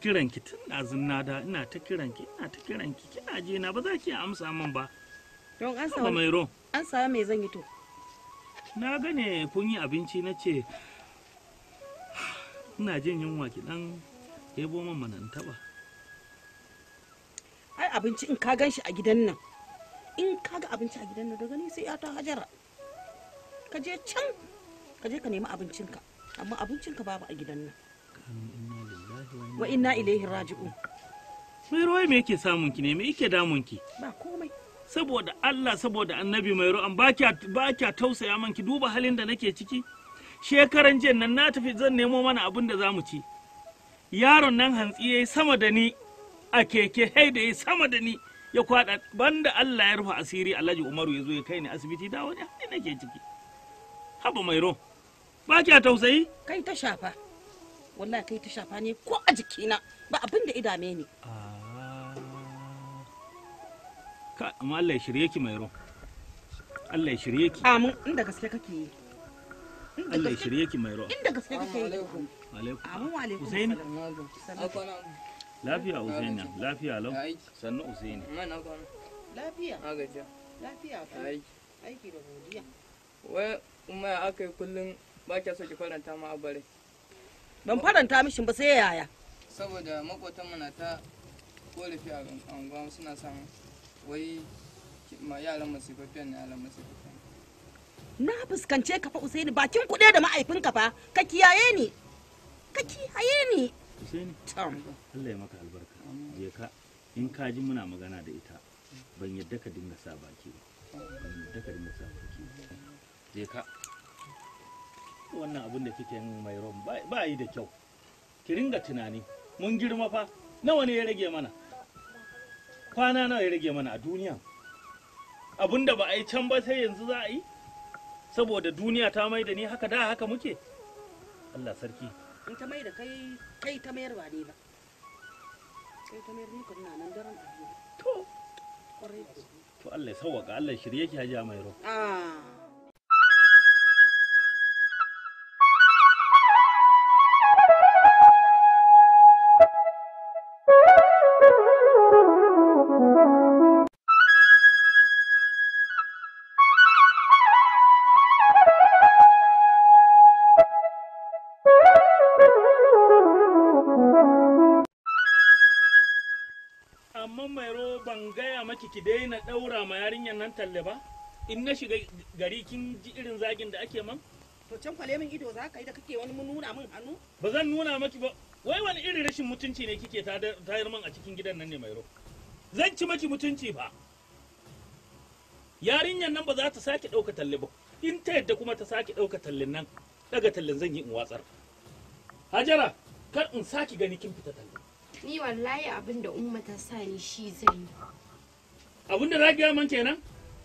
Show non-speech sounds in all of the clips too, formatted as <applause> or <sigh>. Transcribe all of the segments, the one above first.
kiran ki tun ɗazun na da ina ta kiran ki ina ta kiran ki kina je na ba za ki amsa min ba don an samu mai ro an samu mai zan yi to na gane kun yi abinci na ce ah, ina jin yunwa ki dan yabo man manan taba ai abinci in ka gan shi a gidan nan in ka ga abinci a gidan nan daga ni sai ya ta hajara ka je can ka je ka nemi abincinka amma abincinka babu a gidan nan wa inna ilaihi raji'un mai ruwai me yake samun ki ne me yake damun ki ba komai saboda Allah saboda annabi mai ruwan ba kya tausaya man ki duba halin da nake ciki shekaran jiya nan na tafi zan nemo mana abin da zamu ci yaron nan hantsi yayi sama da ni a keke hai da yayi sama da ni ya kwada banda Allah ya rufa asiri Alhaji Umaru ya zo ya kai ni asibiti da wani hali nake ciki haba mai ruwan ba kya tausayi kai ta shafa wallahi kai ta shafa ne ko a jikina ba abin da idame ne ah. ka amma Allah ya shirye ki mai ro Allah ya shirye ki amin inda gaske kake yi Allah ya shirye ki mai ro inda gaske kake yi alaikum amin wa alaikum Usaini lafiya Usaini lafiya lau sannu Usaini lafiya lafiya aiki da godiya wai kuma aka yi kullum ba kya so ki faranta ma a bare ban faranta mishin ba sai yaya saboda mu na ta korafi a unguwa suna son wai ma yaran masifaffiyan na yaran masifaffiyan na fuskance ka fa usaini bakin kuɗe da ma'aifinka fa ka kiyaye ni ka kiyaye ni usaini Allah ya maka albarka je ka in ka ji muna magana da ita ban yadda ka dinga sa baki ba ban yadda ka dinga sa baki ba je ka wannan abin da kike yin mai rom ba yi da kyau ki ringa tunani mun girma fa nawa ne ya rage mana kwana nawa ya rage mana a duniya abin da ba a yi can ba sai yanzu za a yi saboda duniya ta mai da ni haka da haka muke Allah sarki in ta mai da kai kai ta mayar ba ne ba kai ta mayar ni kun nan daren to to Allah ya sauwaka Allah shirye ki haja mai rom ah talle ba in na shiga gari kin ji irin zagin da ake man to can kwale min ido za ka yi da kake wani mun nuna min hannu ba zan nuna maki ba wai wani irin rashin mutunci ne kike tayar man a cikin gidan nan ne mai ro zan ci maki mutunci ba yarinyar nan ba za ta sake ɗauka talle ba in ta yadda kuma ta sake ɗauka tallin nan daga tallin zan yi in watsar hajara kar in sake gani kin fita talle ni wallahi abin da umma ta sa ni shi zan yi abin da za ki man kenan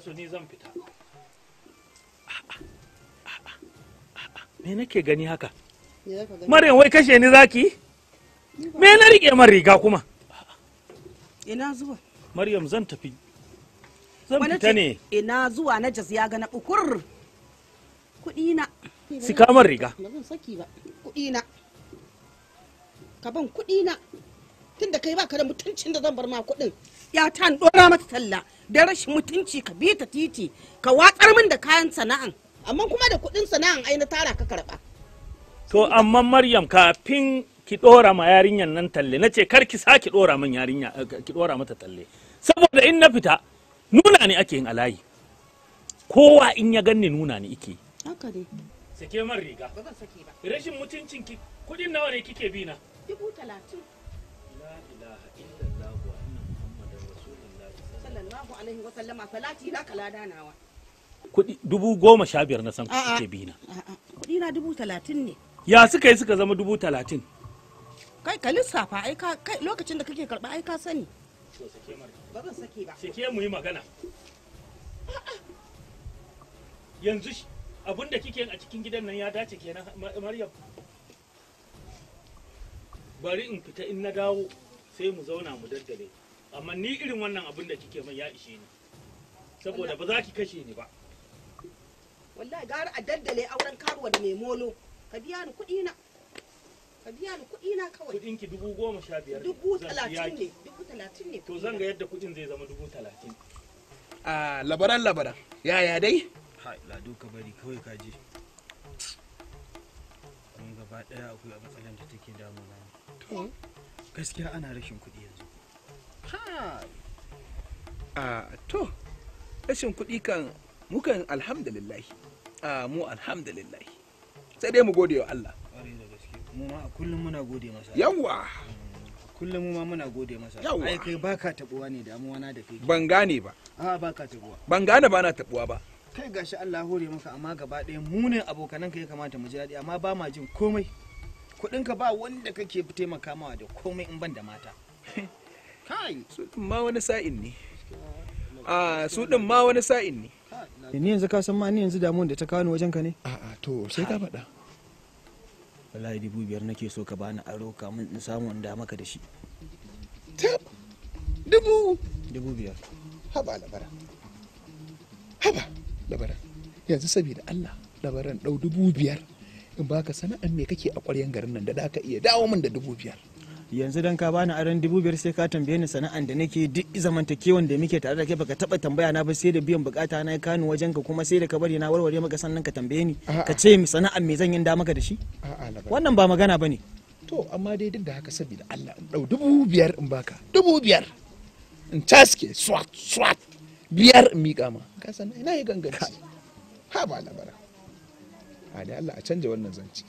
su ni zan fita me nake gani haka maryam wai kashe ni zaki me na rike man riga kuma ina zuwa maryam zan tafi zan fita ne ina zuwa na jas ya ga na bukur kudi na sika man riga kudi na ka ban kudi na tunda kai baka da mutuncin da zan bar ma kudin ya ta dora mata talla da rashin mutunci ka bi ta titi ka watsar min da kayan sana'an amma kuma da kuɗin sana'an ai na tara ka karɓa. to amma maryam kafin ki dora ma yarinyan nan talle na ce kar ki saki dora min yarinya eh, ki dora mata talle saboda in na fita nuna ne ake yin alayi kowa in ya ganni nuna ne ike haka dai sake man riga ba zan sake ba rashin mutuncin ki kudin nawa ne kike bi na dubu talatin sallallahu alaihi wa sallama salati na kalada nawa kuɗi dubu goma sha biyar na san kuke bina kuɗi na dubu talatin ne ya suka yi suka zama dubu talatin kai ka lissafa ai ka lokacin da kake karɓa ai ka sani ba zan sake ba sake mu yi magana yanzu abin da kike a cikin gidan nan ya dace kenan maryam bari in fita in na dawo sai mu zauna mu daddare amma ni irin wannan abin da kike min ya ishe ni saboda ba za ki kashe ni ba wallahi gara a daddale auren karuwar mai mono ka biya ni kuɗi na ka biya ni kuɗi na kawai kuɗin ki dubu goma sha biyar dubu talatin ne dubu talatin ne yadda kuɗin zai zama dubu talatin a labaran labaran ya dai a take damuna gaskiya ana rashin kuɗi Ah, to rashin kuɗi kan mukan alhamdulillahi a mu alhamdulillahi ah, sai dai mu gode wa Allah mu ma kullum muna gode masa yawa mm, kullum mu ma muna gode masa yawa ai kai baka tabuwa ne damuwa na da kai ban gane ba a baka tabuwa ban gane ba na tabuwa ba kai gashi Allah hore maka amma gaba ɗaya mu ne abokanan ka ya kamata mu ji daɗi amma ba ma jin komai kuɗinka ba wanda kake taimaka mawa da komai in ban da mata <laughs> su din ma wani sa'in ne a su din ma wani sa'in ne ni yanzu ka san ma ni yanzu damuwar da ta kawo wajen ka ne a'a so ka bani aro maka da yanzu saboda allah labaran ɗau dubu biyar in baka sana'an me kake a ƙwaryen garin nan da da ka iya dawo min da dubu biyar yanzu dan ka bani aron dubu biyar sai ka tambaye ni sana'an da nake duk zamantakewan da muke tare da kai baka taba tambaya na ba sai da biyan bukata na kanu wajen ka kuma sai da ka bari na warware maka sannan ka tambaye ni ka ce mi sana'an me zan yi da maka da shi wannan ba magana bane to amma dai duk da haka saboda Allah in dau dubu biyar in baka dubu biyar in taske swat swat biyar in miƙa ma ka san ina yi ganganci ha ba labara a da Allah a canja wannan zanci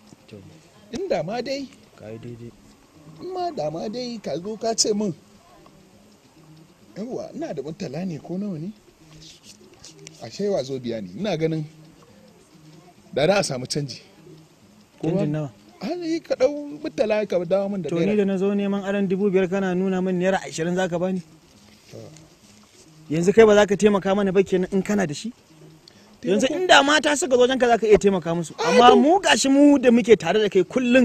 inda ma dai ka yi daidai ma dama dai ka zo ka ce min yawwa ina da mutala ne ko nawa ne a shaiwa zo biya ne ina ganin da za a samu canji canjin nawa hali ka dau mutala ka dawo min da to ni da na zo neman aran dubu biyar kana nuna min naira ashirin zaka bani yanzu kai ba za ka taimaka mana ba kenan in kana da shi yanzu inda mata suka zo wajen ka za ka iya taimaka musu amma mu gashi mu da muke tare da kai kullum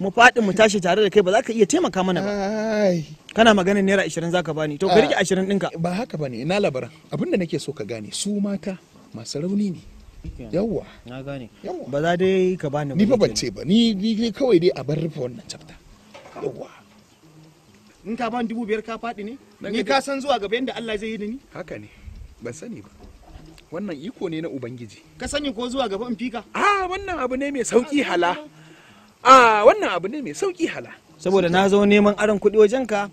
mu faɗi mu tashi tare da kai ba za ka iya taimaka mana ba kana magana naira ashirin za ka bani to ka ah. rike ashirin ɗinka ba haka ba ne na labaran abin da nake so ka gane su mata masu rauni ne yawwa na gane ba za dai ka bani ni fa ban ce ba ni ni kawai dai a bar rufe wannan chapter yawwa in ka ban dubu biyar ka faɗi ne ni ka san zuwa gaba yadda Allah zai yi da ni haka ne ban sani ba wannan iko ne na ubangiji ka sani ko zuwa gaba in fika a ah, wannan abu ne mai sauki hala a wannan abu ne mai sauki hala saboda na zo neman aron kuɗi wajen ka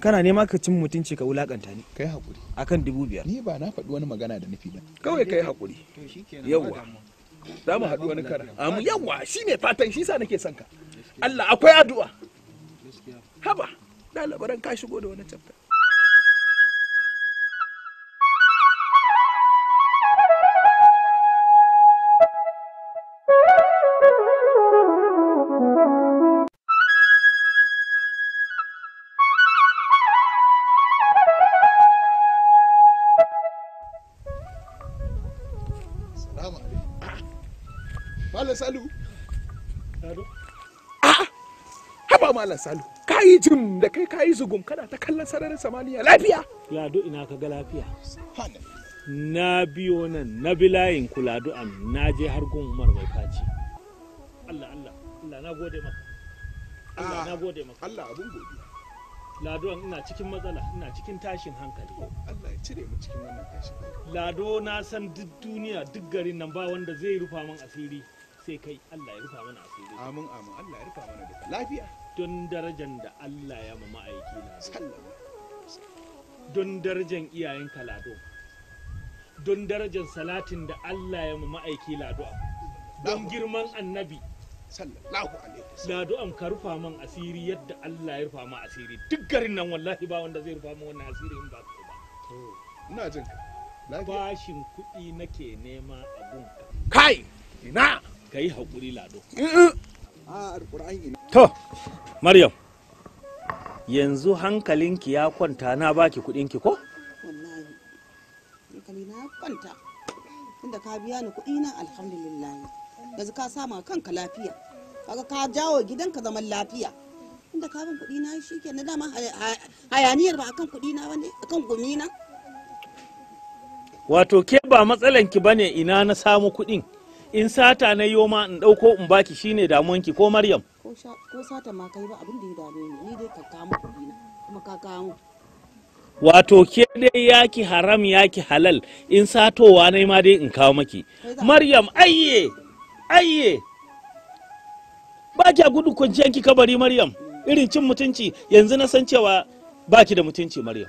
kana nema ka cin mutunci ka wulakanta ni kai hakuri akan dubu biyar ni ba na faɗi wani magana da nufi ba kawai kai hakuri yawwa za mu haɗu wani kara amu yawwa ne fatan shi sa nake son ka Allah akwai addu'a haba ɗalibaran ka shigo da wani chapter malam salu kayi jim da kai kayi zugum kana ta kallon sararin samaniya lafiya lado ina ka ga lafiya na biyo nan na bi layin ku lado an na je har gun umar mai faci Allah Allah Allah na gode maka Allah ah, na gode maka Allah abun godiya lado an ina cikin matsala ina cikin tashin hankali Allah ya cire mu cikin wannan tashin hankali lado na san duk duniya duk garin nan ba wanda zai rufa min asiri sai kai Allah ya rufa mana asiri amin amin Allah ya rufa mana da lafiya don darajan da Allah ya ma ma'aiki na don darajan iyayen kalado don darajan salatin da Allah ya ma ma'aiki lado don girman annabi lado an ka rufa man asiri yadda Allah ya rufa ma asiri duk garin nan wallahi ba wanda zai rufa man wannan asiri in ba ka ba ina jin bashin kuɗi nake nema abun kai ina kai haƙuri lado To, Maryam, yanzu hankalinki ya kwanta na baki kuɗinki ko? Wallahi, hankali na kwanta. inda ka biya ni kuɗi na alhamdulillah. Yanzu ka sama kanka lafiya. Kaga ka jawo gidanka zaman lafiya. Inda ka bin kuɗi na shi ke na dama hayaniyar ba akan kuɗi na bane akan gumi na. Wato ke ba matsalanki bane ina na samu kuɗin. in sata na yi ma in dauko in baki shine damuwanki ko maryam ko sata ma kai ba abin da ya dame ni ni dai ka kuma ka wato ke dai yaki haram yaki halal in satowa ne ma dai in kawo maki maryam ayye ayye ba a gudu kwanciyanki kabari maryam irin cin mutunci yanzu na san cewa baki da mutunci maryam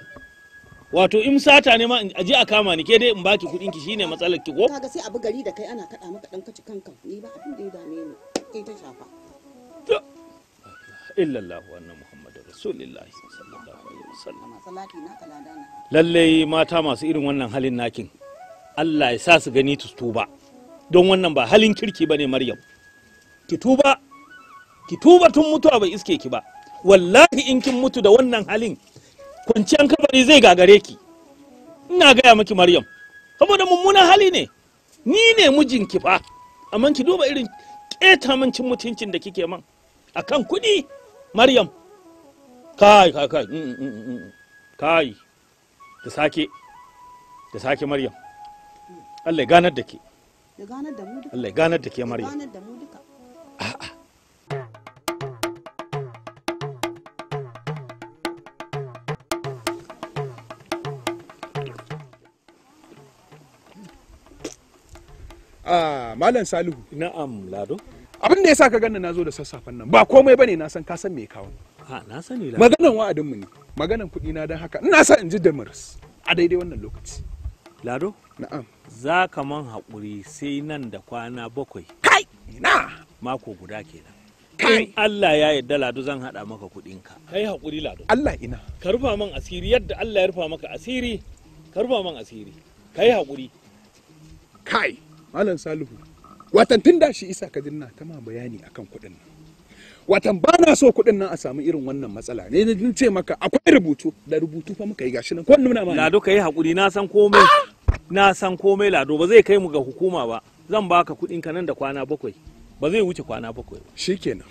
wato in sata ne ma a ji a kama ni ke dai in baki kudin ki shine matsalar ki ko kaga sai abu gari da kai ana kada maka dan kaci kanka ni ba abin da ya dame ni kai ta shafa to illa illallahu annabi muhammadar rasulullah sallallahu alaihi wasallam salati na kaladana lalle mata masu irin wannan halin nakin Allah ya sa su gani tu tuba don wannan ba halin kirki bane maryam ki tuba ki tuba tun mutuwa bai iske ki ba wallahi in kin mutu da wannan halin kwanciyar kabari zai gagare ki ina gaya miki maryam saboda mummunan hali ne ni ne mijinki fa amma ki duba irin keta min cin mutuncin da kike man akan kuɗi maryam kai kai kai mm, mm, mm, kai ki sake ki sake maryam Allah ya ganar da ke Allah ya ganar da ke maryam a'a a ah, malam salihu na'am lado abin da ya sa ka ganna na zo da sassafen nan ba komai bane na san ka san me kawo a ah, na sani lado maganan wa'adin mu ne maganan kuɗi na dan haka ina sa in ji da maris a daidai wannan lokaci lado na'am za ka man haƙuri sai nan da kwana bakwai kai na mako guda kenan Kai! Allah ya yarda lado zan haɗa maka ka. kai haƙuri lado Allah ina ka rufa man asiri yadda Allah ya rufa maka asiri ka rufa man asiri kai haƙuri kai malam salihu watan tun da shi isa kadin na ta ma bayani akan kuɗin nan watan ba na so kuɗin nan a samu irin wannan matsala ne na ce maka akwai rubutu da rubutu fa muka yi gashi nan ko nuna ma lado kai hakuri na san komai na san komai lado ba zai kai mu ga hukuma ba zan baka kuɗin ka nan da kwana bakwai ba zai wuce kwana bakwai ba shikenan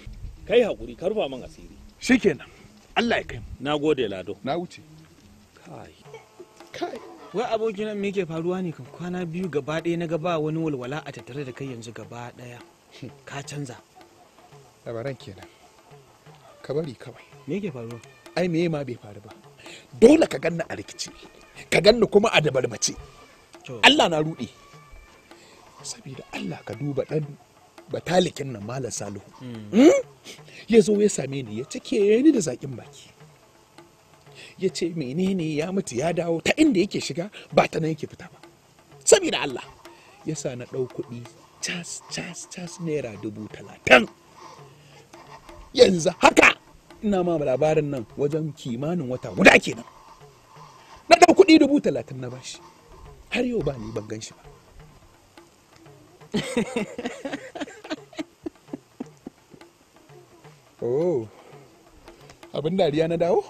kai hakuri ka rufa man asiri shikenan Allah ya kai mu nagode lado na wuce kai kai wai abokina me faruwa ne kan kwana biyu gaba ɗaya na gaba wani walwala a tattare da kai yanzu gaba ɗaya ka canza labaran kenan ka bari kawai me yake faruwa ai me ma bai faru ba dole ka ganna a rikici ka ganna kuma a dabarbace Allah na rude saboda Allah ka duba dan batalikin nan malam salihu mm. hmm? ya zo ya same ni ya cike ni da zaƙin baki ya ce menene ya mutu ya dawo ta inda yake shiga ba ta nan yake fita ba saboda Allah ya sa na ɗau kuɗi cas cas cas naira dubu talatin yanzu haka ina ma labarin nan wajen kimanin wata guda kenan na ɗau kuɗi dubu talatin na bashi har yau ba ni ban gan shi ba <laughs> oh abin dariya na dawo?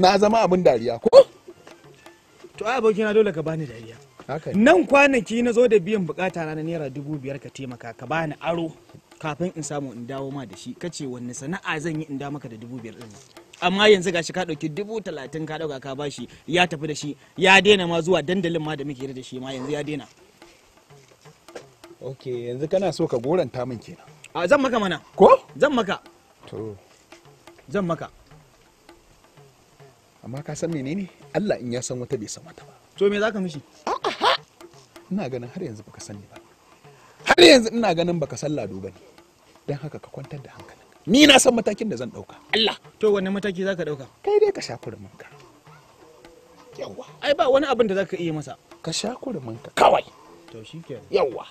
na zama abin dariya ko to ai abokina dole ka bani dariya nan kwanaki na zo da biyan bukata na naira dubu biyar ka taimaka ka bani aro kafin in samu in dawo ma da shi kace wanne sana'a zan yi in da maka da dubu biyar din amma yanzu gashi ka dauki dubu talatin ka dauka ka bashi ya tafi da shi ya daina ma zuwa dandalin ma da muke da shi ma yanzu ya daina ok yanzu kana so ka goranta min kenan a zan maka mana ko zan maka to zan maka amma ka san menene Allah in ya san wata bai san wata ba to me zaka mishi ina ganin har yanzu baka sani ba har yanzu ina ganin baka san lado bane dan haka ka kwantar da hankali. ni na san matakin da zan dauka Allah to wanne mataki zaka dauka kai dai ka shafi manka yawa ai ba wani abin da zaka iya masa ka shafi manka kawai to shikenan yawa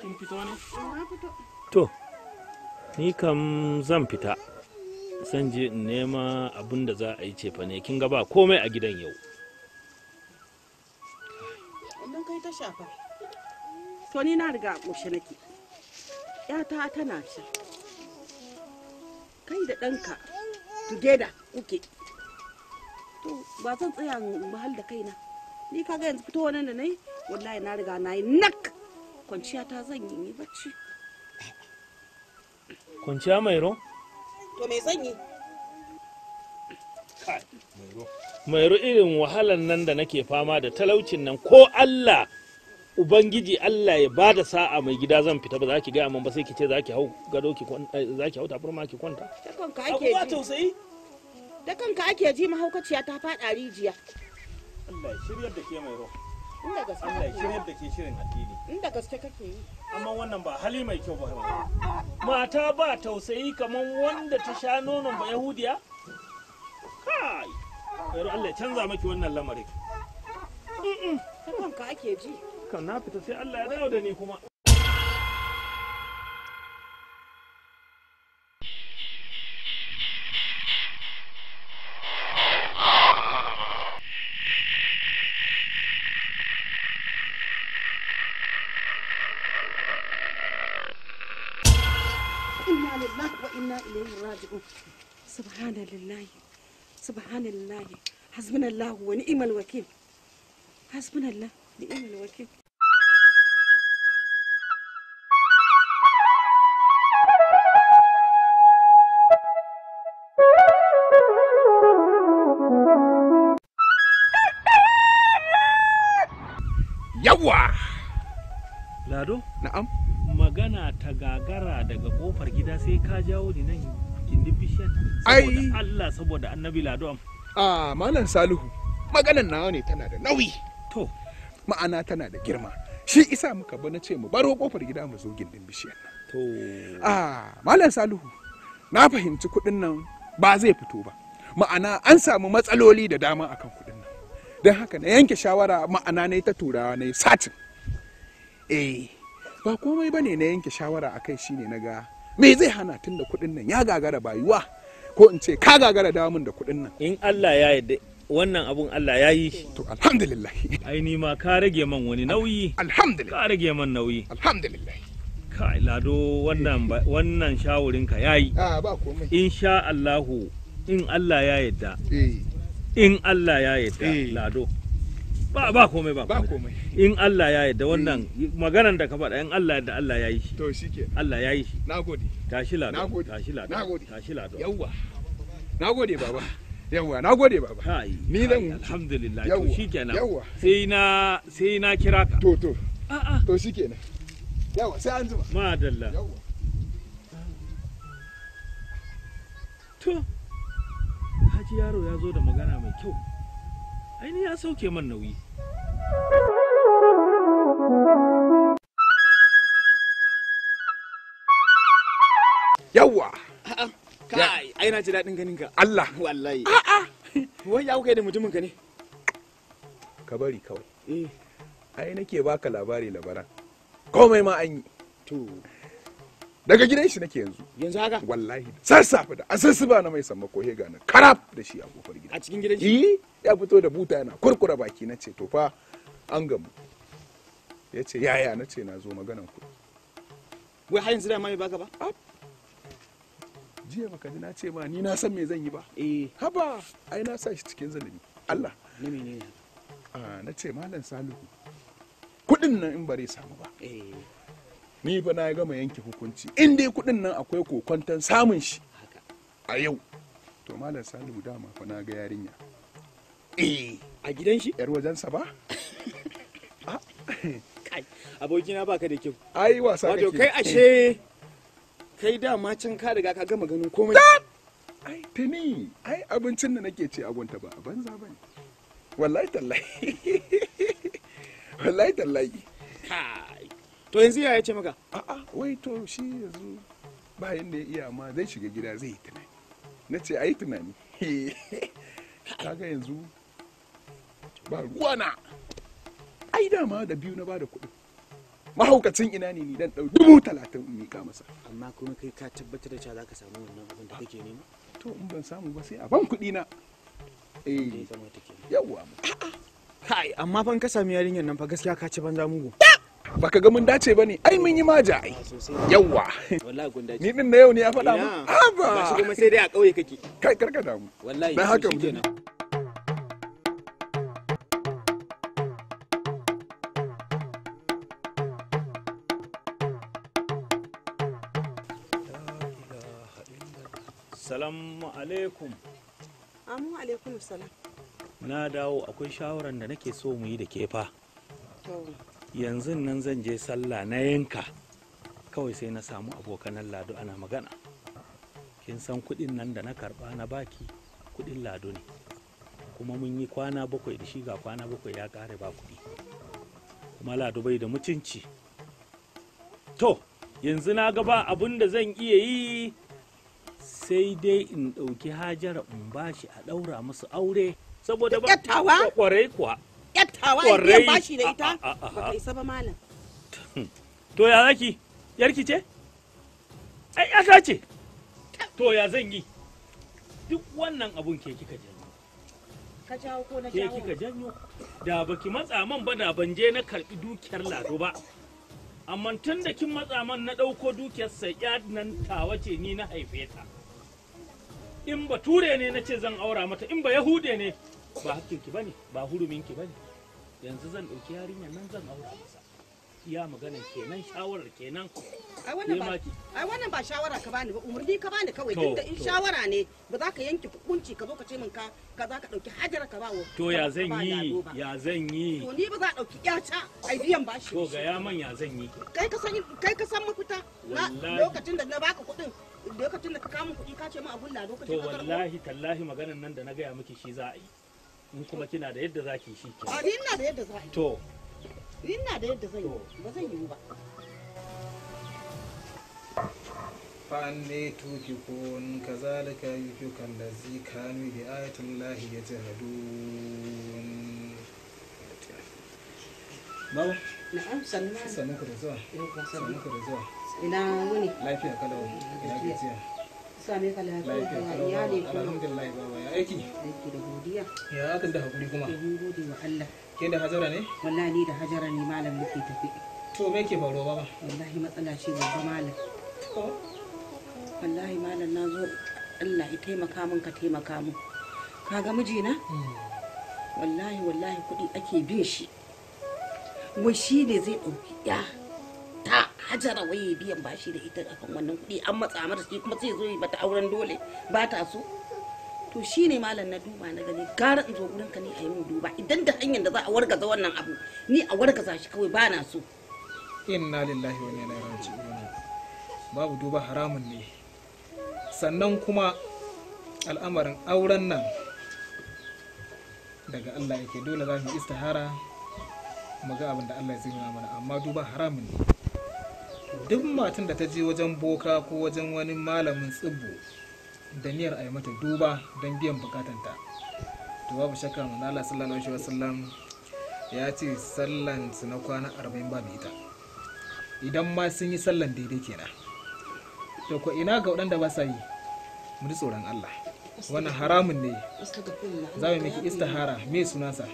kin fito ne? To, ni kam zan fita. Zan je in nema abin da za a yi cefa ne, kin ga ba komai a gidan yau. Idan kai ta shafa. To ni na riga ƙoshe nake. ‘Yata tana shi, Kai da ɗanka, together kuke. To, ba zan tsaya mahal da kaina. Ni kaga yanzu fito wannan da na yi, wallahi na riga na yi nak. kwanciya ta zan yi bacci kwanciya mai ro? to mai zan yi mai ro irin wahalan nan da nake fama da talaucin nan ko allah ubangiji allah ya bada sa'a mai gida zan fita ba za ki gaya min ba sai ki ce za ki hau gado ki eh, za ki hau tafurma ki kwanta da kanka ake ji ake ji mahaukaciya ta faɗa rijiya Allah ya shiryar da ke mai ro inda gaske Allah shirin da ke shirin addini inda gaske kake yi amma wannan ba hali mai kyau ba mata ba tausayi kamar wanda ta sha nonon ba yahudiya kai yaro Allah ya canza maki wannan lamarin kanka ake ji kan na fita sai Allah ya dawo da ni kuma إليه راجعوا سبحان لله سبحان الله حسبنا الله ونعم الوكيل حسبنا الله ونعم الوكيل yawa lado na'am magana ta gagara daga kofar gida sai ka jawo ni nan gindin bishiyar saboda Allah saboda annabi ladu'am a malam salihu maganan nawa ne tana da nauyi to ma'ana tana da girma shi isa muka bana ce mu baro kofar gida mu zo gindin bishiyar nan to a malam salihu na fahimci kuɗin nan ba zai fito ba ma'ana an samu matsaloli da dama akan kuɗin nan don haka na yanke shawara ma'ana na ta turawa na satin eh ba komai bane na yanke shawara kai shine na ga me zai hana tun da kuɗin nan ya gagara bayuwa ko in ce ka gagara damun da kuɗin nan in Allah ya yarda wannan abun Allah ya yi to alhamdulillah ai ni ma ka rage man wani nauyi alhamdulillah ka rage man nauyi alhamdulillah kai lado wannan wannan shawarin ka yayi a ba komai insha Allah in Allah ya yarda eh. in Allah ya yarda eh. lado ba ba komai ba ba komai in Allah ya yarda wannan mm. maganan da ka faɗa in Allah ya yarda Allah ya yi shi to shike Allah ya yi shi nagode tashi lado nagode tashi lado nagode tashi lado yawa nagode baba yawa nagode baba hai ni dan alhamdulillah to shikenan yawa sai na sai na kira ka to to a a to shikenan yawa sai an zuba madalla yawa to haji yaro ya zo da magana mai kyau aini ya sauke man nauyi Yawwa! Kai, ai na ji daɗin ganin ka. Allah! Wallahi. A'a! Wai ya kuka yi da mutumin ka ne? Ka bari kawai. Eh. Ai nake baka labari labaran. Komai ma an yi. To. Daga gidan shi nake yanzu. Yanzu haka? Wallahi. Sassafe da asusu ba na mai samma ko hega na karaf da shi a kofar gida. A cikin gidan shi? Eh, ya fito da buta yana kurkura baki na ce to fa an gamu ya ce yaya na ce na zo maganan ku wai har yanzu dama mai baka ba jiya maka ji na ce ma ni na san me zan yi ba eh haba ai na sa shi cikin zalimi Allah na ne a na ce malam salihu kuɗin nan in bare samu ba eh ni ba na gama yanke hukunci in dai kuɗin nan akwai kokwanton samun shi a yau to malam salihu dama fa na ga yarinya eh a gidan shi yar wajensa ba abokina baka da kyau ai wasa kake wato kai ashe kai dama can ka riga ka gama ganin komai ai tuni ai abincin da nake ce agunta ba a banza ba ne wallahi tallahi <laughs> wallahi tallahi to yanzu ya ce maka a'a wai to shi yanzu ba yanda iya ma zai shiga gida zai yi tunani na ce ayi tunani <laughs> kaga yanzu ba ruwana ai dama da biyu na ba da kuɗin mahaukacin ina ne ni dan ɗau dubu talatin in mika masa amma kuma kai ka tabbatar da cewa za ka samu wannan abin da kake nema to in ban samu ba sai a ban kuɗi na eh yawwa kai amma fa ka sami yarinyar nan fa gaskiya ka ci banza mugu baka ga mun dace bane ai mun yi maja ai Yawwa. wallahi gun dace ni din na yau ne ya faɗa mu ba shi kuma sai dai a kauye kake kai karka damu wallahi dan haka mu alaikum. Amu alaikum salam. Na dawo akwai shawaran da nake so mu yi da kefa. Yanzu nan zan je sallah na yanka. Kawai sai na samu abokanan lado ana magana. Kin san kuɗin nan da na karɓa na baki kuɗin lado ne. Kuma mun yi kwana bakwai da shi ga kwana bakwai ya kare ba kuɗi. Kuma lado bai da mutunci. To, yanzu na gaba ba abin da zan iya yi sai dai in ɗauki hajara in bashi a ɗaura musu aure saboda ba yattawa kwarai kuwa yattawa ba bashi da ita ba kai ba malam to ya zaki yarki ce ai ya ce to ya zan yi duk wannan abun ke kika janyo ka jawo ko na jawo ke kika janyo da baki matsa man ba da ban je na karbi dukiyar lado ba amma tun da kin matsa man na ɗauko dukiyar sai nan tawa ce ni na haife ta in ba ture ne na ce zan aura mata in ba yahude ne ba ki bane ba huruminki bane yanzu zan ɗauki yarinyar nan zan aura masa iya magana kenan shawarar kenan ai wannan ba ai wannan ba shawara ka bani ba umarni ka bani kawai tunda in shawara ne ba za ka yanke hukunci ka zo ka ce min ka ka za ka dauki hajar ka bawo to ya zan yi ya zan yi to ni ba za dauki yata ai biyan bashi to ga ya man ya zan yi kai ka san kai ka san mafita lokacin da na baka kuɗin lokacin da ka kamun kuɗi ka ce mu abun da lokacin to wallahi tallahi maganan nan da na gaya miki shi za a yi in kuma kina da yadda za ki shi ke a ah, ina da yadda za a yi to ina da yadda zan yi ba zan yi ba فأني توفكون كذلك يفك الذي كانوا بآية الله يجهدون Na'am sannu. Sannu ku da zuwa. Sannu ku da zuwa. Ina wuni. Lafiya kalau. Ina gajiya. Same ka lafiya. Lafiya kalau. Ya Alhamdulillah baba ya aiki. Aiki da godiya. Ya akan da hakuri kuma. Mun gode wa Allah. Ke da Hajara ne? Wallahi ni da Hajara ne malam muke tafi. To me ke faruwa baba? Wallahi matsala ce babba malam. Wallahi malam na zo Allah ya taimaka min ka taimaka min. Kaga mijina? Hmm. Wallahi wallahi kuɗi ake bin shi. wai shi ne zai ɗauki ya ta hajara waye biyan bashi da ita akan wannan kuɗi an matsa mata shi kuma sai zo yi bata auren dole ba ta so to shi ne malam na duba na gani gara in zo gurin ka ne a yi mu duba idan da hanyar da za a wargaza wannan abu ni a wargaza shi kawai ba na so inna lillahi wa inna ilaihi raji'un babu duba haramun ne sannan kuma al'amarin auren nan daga Allah yake dole za mu istihara mu ga abin da Allah ya sanya mana amma duba haramun ne duk matan da ta je wajen boka ko wajen wani malamin tsibbo da niyyar a yi mata duba don biyan bukatanta to babu shakka mun Allah sallallahu alaihi wasallam ya ce sallan su na kwana 40 babu ita idan ma sun yi sallan daidai kenan to ko ina ga waɗanda ba sa yi mu ji tsoron Allah wannan haramun ne za mu miki istihara me sunansa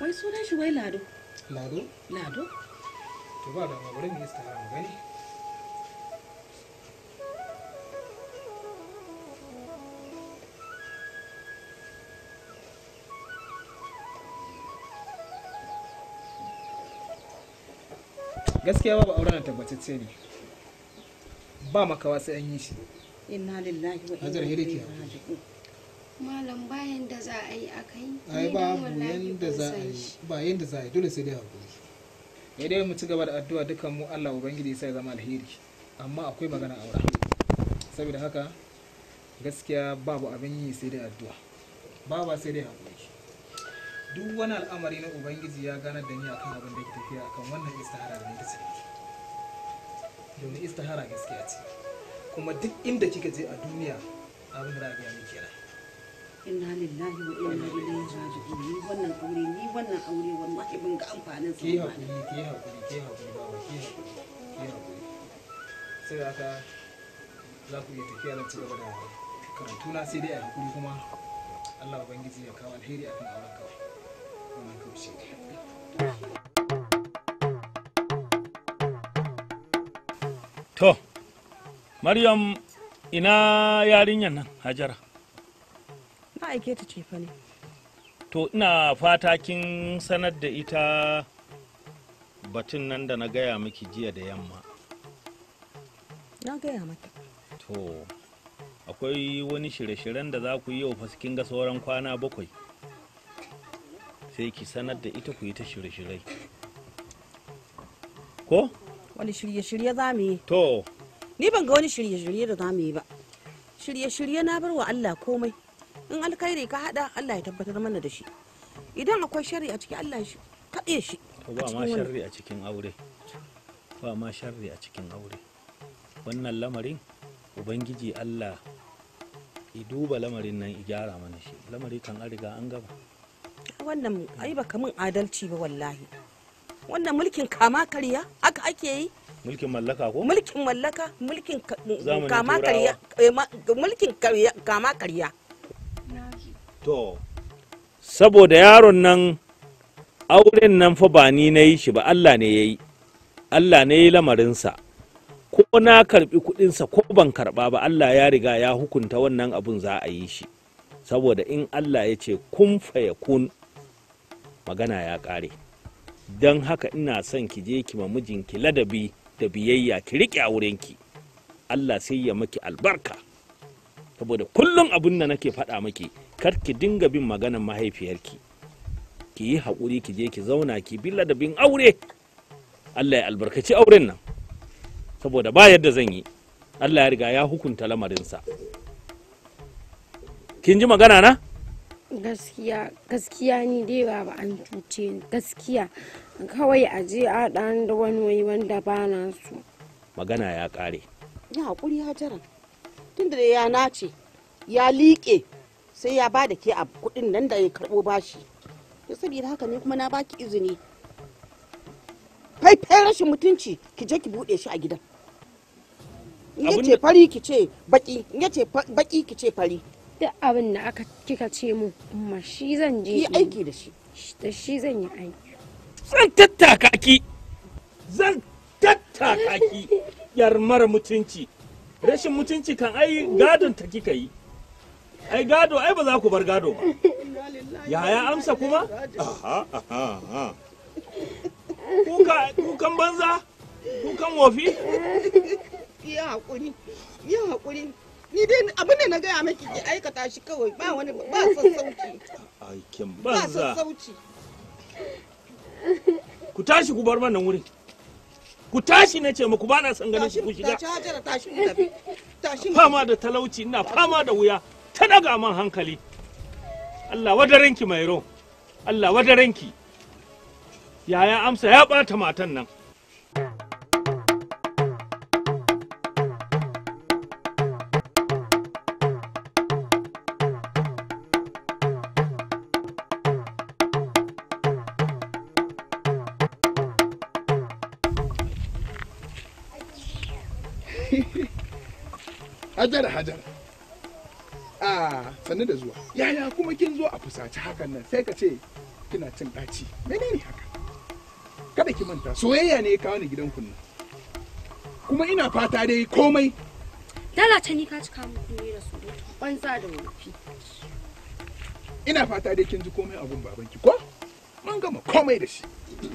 wai sunan shi wai lado lado lado to ba da bari minista istara mu gani gaskiya babu auren tabbatacce ne ba makawa sai an yi shi inna lillahi wa inna ilaihi raji'un malam bayan da za a yi a kai ai ba yanda za a yi ba yanda za a yi dole sai dai hakuri ya dai mu ci gaba da addu'a dukkan mu Allah ubangiji sai zama alheri amma akwai magana aura saboda haka gaskiya babu abin yi sai dai addu'a babu sai dai hakuri duk wani al'amari na ubangiji ya gana da ni akan abin da ke tafiya akan wannan istihara da ta ce domin istihara gaskiya ce kuma duk inda kika je a duniya abin da za a kenan inna lillahi wa inna ilaihi raji'un ni wannan aure ni wannan aure wallahi ban amfanin sa ba da karatu a hakuri kuma Allah ubangiji ya kawo alheri akan auren wannan shi to Maryam ina yarinyan nan Hajara aike ta ce fa ne to ina fata kin sanar da ita batun nan da na gaya miki jiya da yamma na gaya maki to akwai wani shirye-shiryen da za ku yi yau kin ga sauran kwana bakwai sai ki sanar da ita ku yi ta shirye-shirye ko wani shirye-shirye za mu yi to ni ban ga wani shirye-shirye da za mu yi ba shirye-shirye na bar wa allah komai in alkhairi ka hada Allah ya tabbatar mana da shi idan akwai sharri a cikin Allah shi kaɗe shi ba ma sharri a cikin aure ba ma sharri a cikin aure wannan lamarin ubangiji Allah i duba lamarin nan i gyara mana shi lamari kan an riga an gaba wannan hmm. ai baka min adalci ba wallahi wannan mulkin kama karya aka ake yi mulkin mallaka ko mulkin mallaka mulkin kama kariya mulkin kama karya to saboda yaron nan auren nan fa ba ni na yi shi ba Allah ne ya yi Allah ne ya yi lamarinsa ko na karbi kudinsa ko ban karɓa ba Allah ya riga ya hukunta wannan abun za a yi shi saboda in Allah ya ce kun faye kun magana ya kare don haka ina son ki je ki ma mijinki ladabi da biyayya ki riƙe wurinki Allah sai ya maki albarka saboda kullum abin da nake faɗa maki kar ki dinga bin maganan mahaifiyarki ki yi haƙuri ki je ki zauna ki bi ladabin aure Allah ya albarkaci auren nan saboda ba yadda zan yi Allah ya riga ya hukunta lamarinsa kin ji magana na gaskiya gaskiya ni dai ba ba an cuce ni gaskiya kawai a je a dan da wani wanda ba na su magana ya kare ya hakuri hajara tunda da ya nace ya liƙe sai ya ba da ke a kuɗin nan da ya karɓo bashi to saboda haka ne kuma na baki izini faifai rashin mutunci ki je ki buɗe shi a gidan in ya ce fari ki ce baki in ya ce baki ki ce fari duk abin da aka kika ce mu ma shi zan je yi aiki da shi da shi zan yi aiki zan tattaka ki zan tattaka ki yar mara mutunci rashin mutunci kan ai gadon ta kika yi ai gado ai ba za ku bar gado ba yaya amsa kuma kukan banza kukan wofi ya haƙuri ya haƙuri ni dai abin da na gaya maki ki aikata shi kawai ba wani ba sassauci aikin banza ba sassauci ku tashi ku bar mana wurin ku tashi na ce muku ba na san ganin ku shiga tashi tashi tashi fama da talauci ina fama da wuya ta daga man hankali Allah wadaranki mai ro Allah wadaranki yaya amsa ya ɓata matan nan Hajar hajar. sannu da zuwa yaya kuma kin zo a fusaci hakan nan sai ka ce kina cin ɗaci menene haka kada ki manta soyayya ne ya kawo ni gidan kunna kuma ina fata dai komai dalata ni ka cika mu kuma da su banza da wofi ina fata dai kin ji komai abun baban ki ko mun gama komai da shi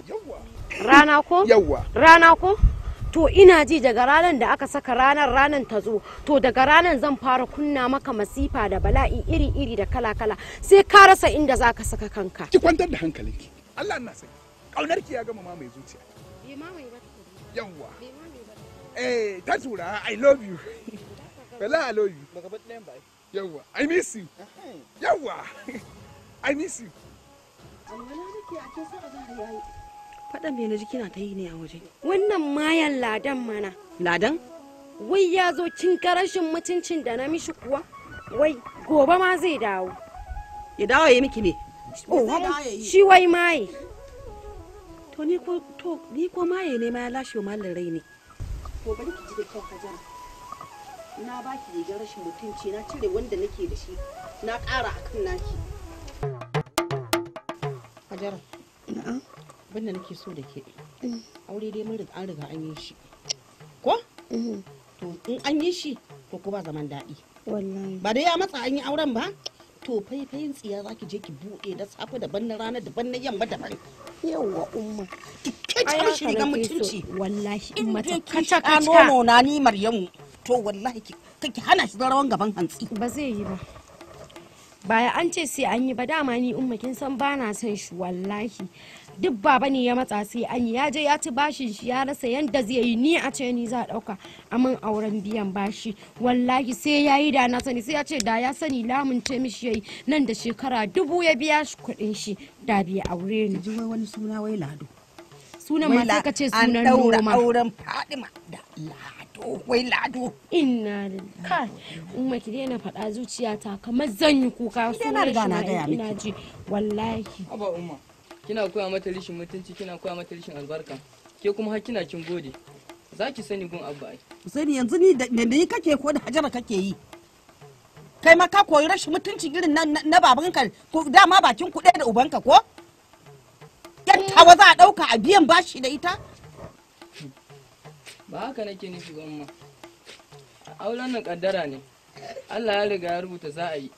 yawwa rana ko yawwa rana ko to ina ji daga ranar da aka saka ranar ranar ta zo to daga ranar zan fara kunna maka masifa da bala'i iri-iri da kala-kala sai ka rasa inda za ka saka kanka ki kwantar da hankalinki Allah na sani kaunar ki ya gama ma mai zuciya bai ma mai ba yawa eh ta tura i love you bala i love you daga bar ɗayan bai yawa i miss you yawa <laughs> i miss you amma na nake a ce sai a yayi faɗa me na ji kina ta yi ne a waje wannan mayan ladan mana ladan wai ya zo cin karashin mutuncin da na mishi kuwa wai gobe ma zai dawo ya dawo ya miki ne. Oh, shi wai maye to ni ko to ni ko maye ne ma ya lashe mallin rai ne to bari ki ji da kyau hajara na baki rigar rashin mutunci na cire wanda nake da shi na ƙara akan naki Hajar. na'am abinda nake so da ke mm. aure dai mun an riga an yi shi ko mm-hmm. to in an yi shi to ko ba zaman daɗi ba da ya matsa an yi auren ba to faifayin tsiya za ki je ki buɗe da safe daban na rana daban na yamma daban yawa umma ke ta shi riga mutunci wallahi in mata kata ka nono na ni maryamu to wallahi ki kake hana shi rawan gaban hantsi ba zai yi ba baya an ce sai an yi ba dama ni umma kin san na son shi wallahi duk baba ne ya matsa sai an ya je ya ci bashin shi ya rasa yanda zai yi ni a ce ni za dauka amma auren biyan bashi wallahi sai ya yi da na sani sai ya ce da ya sani lamunce mishi yayi nan da shekara dubu ya biya shi kuɗin shi da bai aure ni ji wani suna wai lado sunan ma sai ka ce sunan noma an auren fadima da lado wai lado inna lillahi umma ki daina faɗa zuciyata kamar zan yi kuka sunan shi ina ji wallahi kina koya mata rishin mutunci kina koya mata rishin albarka ke kuma har kina kin gode za ki sani gun abba ai sani yanzu ni da ni kake ko da hajara kake yi kai ma ka koyi rashin mutunci irin nan na babanka ko dama bakin kuɗe da ubanka ko yattawa za a ɗauka a biyan bashi da ita ba haka nake nufi ba amma auren nan kaddara ne Allah ya riga ya rubuta za a yi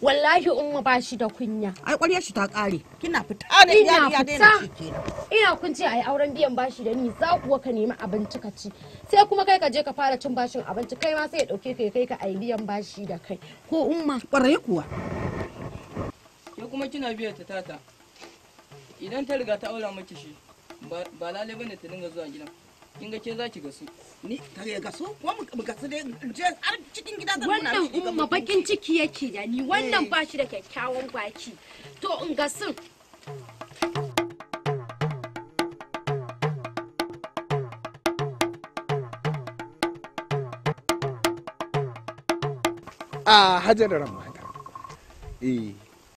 wallahi umma ba shi da kunya ai ƙwaryar shi ta ƙare kina fita ne ya ya dena shi kenan ina kun ce ai auren biyan bashi da ni za kuwa ka nemi abinci ka ci sai kuma kai ka je ka fara cin bashin abinci kai ma sai ya dauke ka kai ka ai biyan bashi da kai ko umma ƙwarai kuwa ke kuma kina biya ta tata idan ta riga ta aura miki shi ba lalle bane ta dinga zuwa gidan kin ga ke za ki gasu ni kare gasu ko mu gasu dai je har cikin gida zan wannan umma bakin ciki yake da ni wannan eh. ba shi da kyakkyawan baki to in gasu a ah, hajjar ramata eh